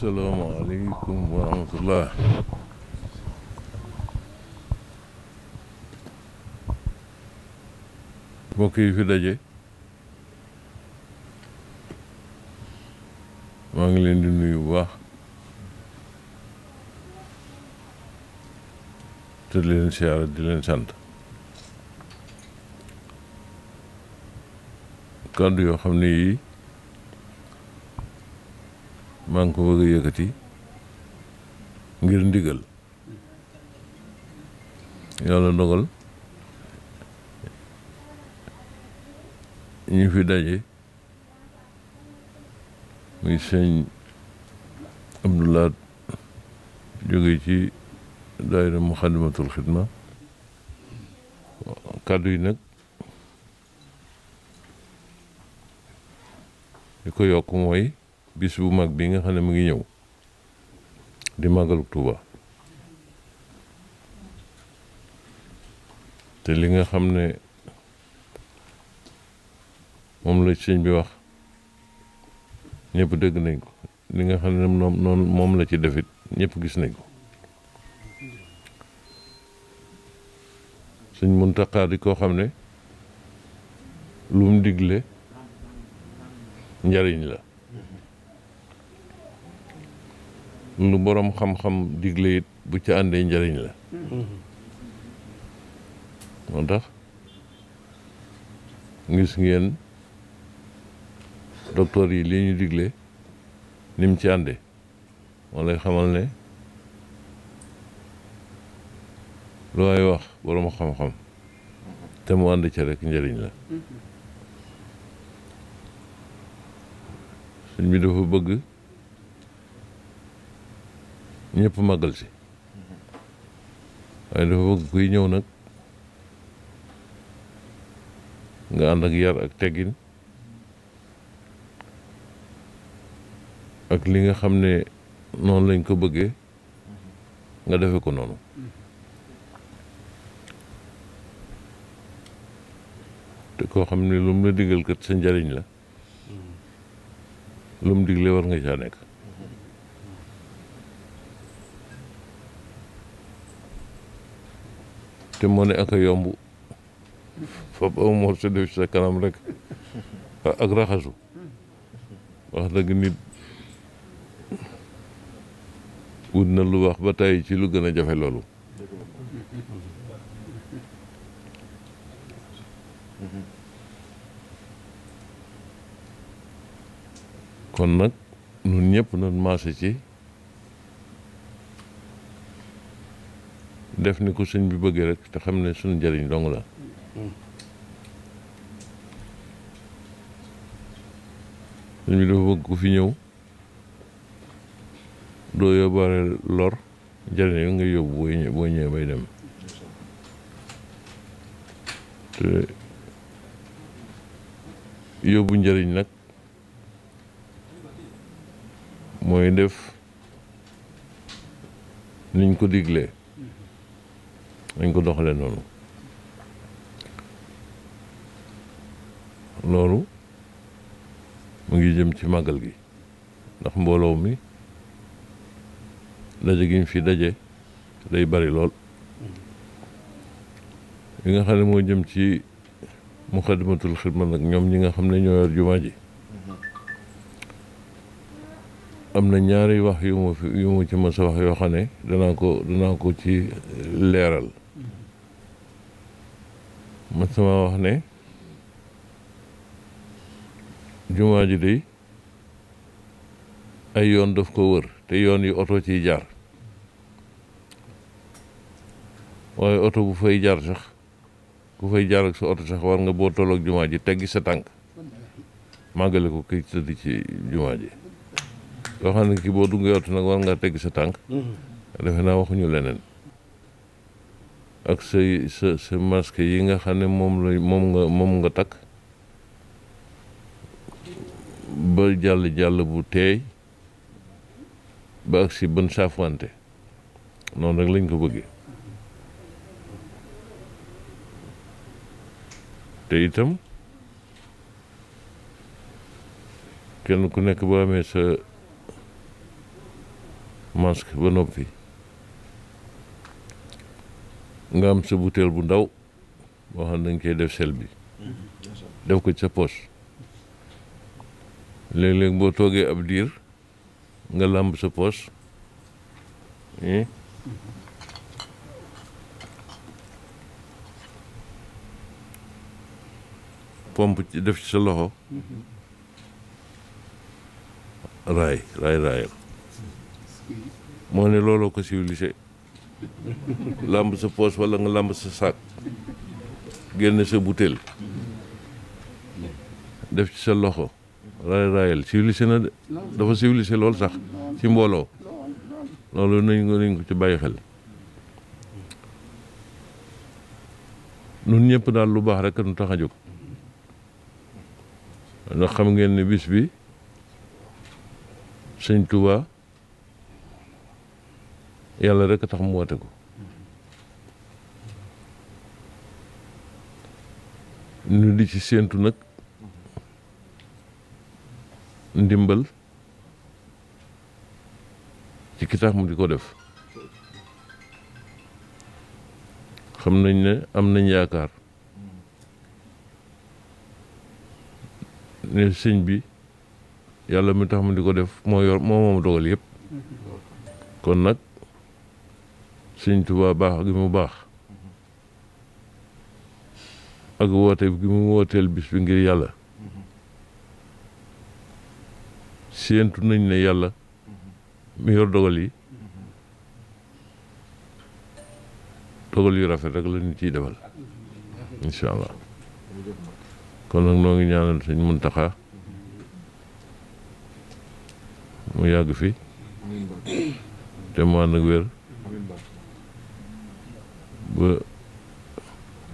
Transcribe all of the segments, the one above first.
asalaamaaleykum wa rahmatullah mbokk fi daje maa ngi leen di nuyu bu baax te sant kàddu yoo xam ne maa ngi ko bëgg ngir ndigal yàlla dogal ñu fi daje muy sëñ Abdoulaat jóge ci daayira Muxaddamatul Xidma kàddu yi nag li ko yokk mooy bis bu mag bii nga xam ne mu ngi ñëw di màggalu Tuuba te li nga xam ne moom la sëñ bi wax ñëpp dëgg nañ ko li nga xam ne moom la ci defit ñëpp gis nañ ko sëñ Muntaxa di koo xam ne lu mu digle njariñ la nu boroom xam-xam digle bu ci àndee njariñ la moo tax gis ngeen docteur yi li ñu digle ni ci ànde moo lay xamal ne lu may wax boroom xam-xam te mu ànd ca rek njëriñ la sëñ bi dafa bëgg ñëpp màggal si waaye dafa bëgg kuy ñëw nag nga ànd ak yar ak teggin ak li nga xam ne noonu lañ ko bëggee nga defe ko noonu te koo xam ne lu la digal kat sa njariñ la lu mu digle war nga caa nekk te moo ne ak a yomb fab aw morso def ci sa kanam rek ak raxasu wax dëgg nit wut na lu wax ba tey ci lu gën a jafe loolu kon nag nun ñëpp nun maase ci def ni ko sëñ bi bëggee rek te xam ne suñu njëriñ dong la sëñ bi dafa bëgg fi ñëw doo yóbbaale lor njëriñ yi nga yóbbu boo ñëwee bay dem te yóbbu njëriñ nag mooy def niñ ko diglee dañ ko doxalee noonu loolu mu ngi jëm ci màggal gi ndax mbooloo mi daje gi ñu fi daje day bari lool li nga xam ne moo jëm ci muxadimatul xidma nag ñoom ñi nga xam ne ñoo yor jumaa ji am na ñaari wax yu ma fi yu ma ci mës a wax yoo xam ne danaa ko danaa ko ci leeral mas sama wax ne jumaa ji dey ay yoon daf ko wër te yoon yi oto ciy jaar waaye oto bu fay jaar sax ku fay jaar ak sa oto sax war nga boo tollook jumaa ji teggi sa tànk màggale ko kii tëdd ci jumaa ji yoo xam ne kii boo duggee oto nag war nga teggi sa tànk mm-hmm. defe naa waxuñu leneen ak say sa sa masque yi nga xam ne moom la moom nga moom nga takk ba jàll jàll bu teey ba ak si bën saafante noonu rek lañ ko bëggee te itam kenn ku nekk boo amee sa masque ba noppi nga am sa butéel bu ndaw boo xam ne da koy def sel bi def ko ci sa poos léeg-léeg boo toogee ab diir nga làmb sa poos pompe ci def ci sa loxo raay raay raayal moo ne looloo ko civilisé làmb sa poos walla nga làmb sa saak génn sa butéel def ci sa loxo raay raayal civilisé na de dafa civilisé lool sax ci mbooloo loolu nañ ko nañ ko ci bàyyi xel nun ñëpp daal lu baax rek nu tax a jóg ndax xam ngeen ne bis bi sëñ Tuubaa yàlla rek a tax mu woote ko ñu di ci séentu nag ndimbal ci ki tax mu di ko def xam nañ ne am nañ yaakaar ne sëñ bi yàlla mu tax mu di ko def moo yor moo moom dogal yëpp kon nag sëñ Tuubaa baax gi mu baax ak woote gi mu wooteel bis bi ngir yàlla séentu nañ ne yàlla mi yor dogal yi dogal yu rafet rek la ñu ciy defal incha allah kon nag noo ngi ñaanal sëñ taxa mu yàgg fi te mu ànd ak wér ba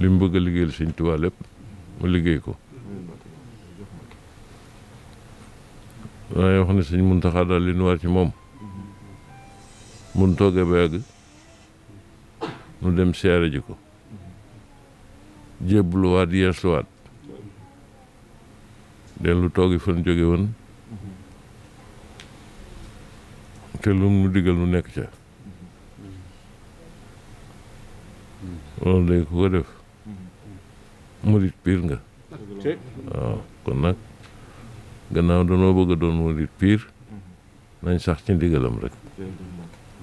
li mu bëgg a liggéeyal sëñ Tuubaa lépp mu liggéey ko waaye wax ne sëñ Muntaxa daal li nu war ci moom mun toogee ba yàgg nu dem siyaare ji ko jébbluwaat yeesluwaat den lu toogi fan jóge woon te lu mu digal nu nekk ca loolu day ku ko def murit piir nga waaw kon nag gannaaw danoo bëgg a doon murit piir nañ sax ci ndigalam rek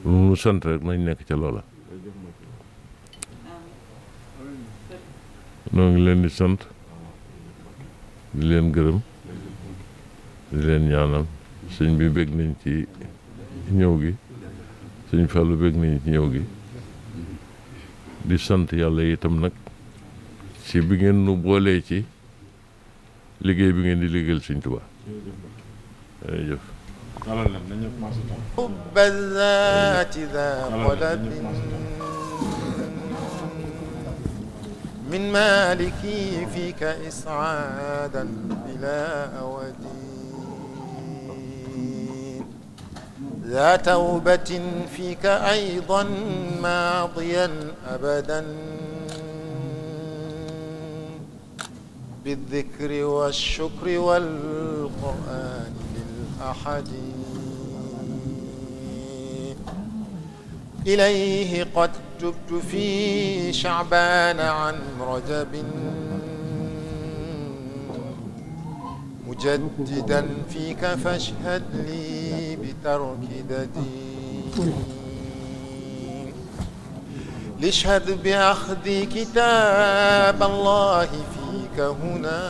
lu mu sant rek nañ nekk ca loola noo leen di sant di leen gërëm di leen ñaanal sëñ bi bég nañ ci ñëw gi sëñ Fallou bég nañ ci ñëw gi di sant yàlla itam nag ci bi ngeen nu boolee ci liggéey bi ngeen di liggéeyal Sëñ Tuubaa min maliki fika isaadan bila awadi ذا توبة فيك أيضا ماضيا أبدا بالذكر والشكر والقرآن للأحد إليه قد تبت في شعبان عن رجب مجددا فيك فاشهد لي كدتي لاشهد بأخذ كتاب الله فيك هنا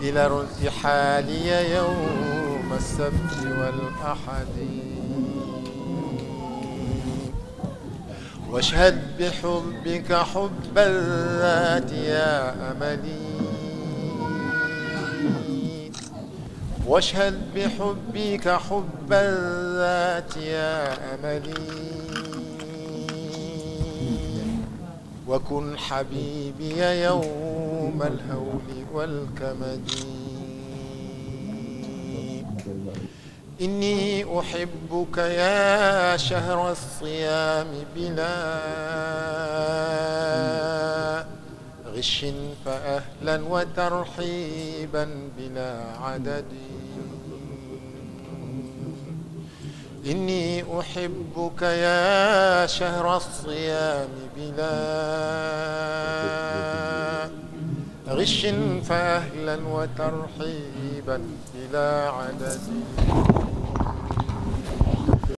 إلى ارتحالي يوم السبت والأحد واشهد بحبك حب الذات يا أملي واشهد بحبك حبا ذات يا أملي وكن حبيبي يوم الهول والكمد إني أحبك يا شهر الصيام بلا غش فأهلا وترحيبا بلا عدد إني أحبك يا شهر الصيام بلا غش فأهلا وترحيبا بلا عدد